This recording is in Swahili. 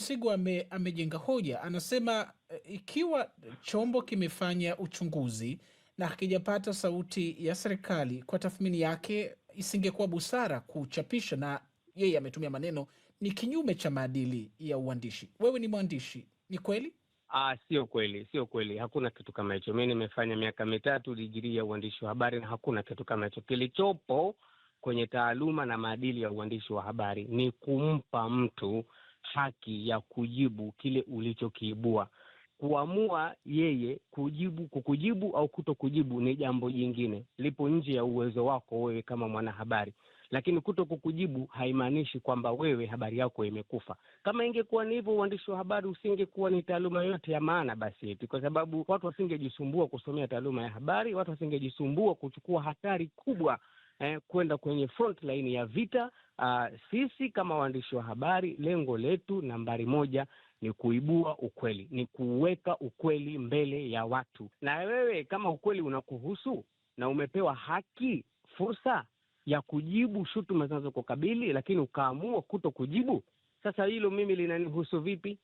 Msigu ame, amejenga hoja, anasema eh, ikiwa chombo kimefanya uchunguzi na akijapata sauti ya serikali, kwa tathmini yake isingekuwa busara kuchapisha, na yeye ametumia maneno ni kinyume cha maadili ya uandishi. Wewe ni mwandishi, ni kweli? Ah, sio kweli, sio kweli. Hakuna kitu kama hicho. Mi nimefanya miaka mitatu digirii ya uandishi wa habari na hakuna kitu kama hicho. Kilichopo kwenye taaluma na maadili ya uandishi wa habari ni kumpa mtu haki ya kujibu kile ulichokiibua. Kuamua yeye kujibu kukujibu au kuto kujibu ni jambo jingine, lipo nje ya uwezo wako wewe kama mwanahabari, lakini kuto kukujibu haimaanishi kwamba wewe habari yako imekufa. Kama ingekuwa ni hivyo, uandishi wa habari usingekuwa ni taaluma yote ya maana basi eti, kwa sababu watu wasingejisumbua kusomea taaluma ya habari, watu wasingejisumbua kuchukua hatari kubwa eh, kwenda kwenye front line ya vita. Uh, sisi kama waandishi wa habari, lengo letu nambari moja ni kuibua ukweli, ni kuweka ukweli mbele ya watu. Na wewe kama ukweli unakuhusu na umepewa haki, fursa ya kujibu shutuma zinazokukabili, lakini ukaamua kuto kujibu, sasa hilo mimi linanihusu vipi?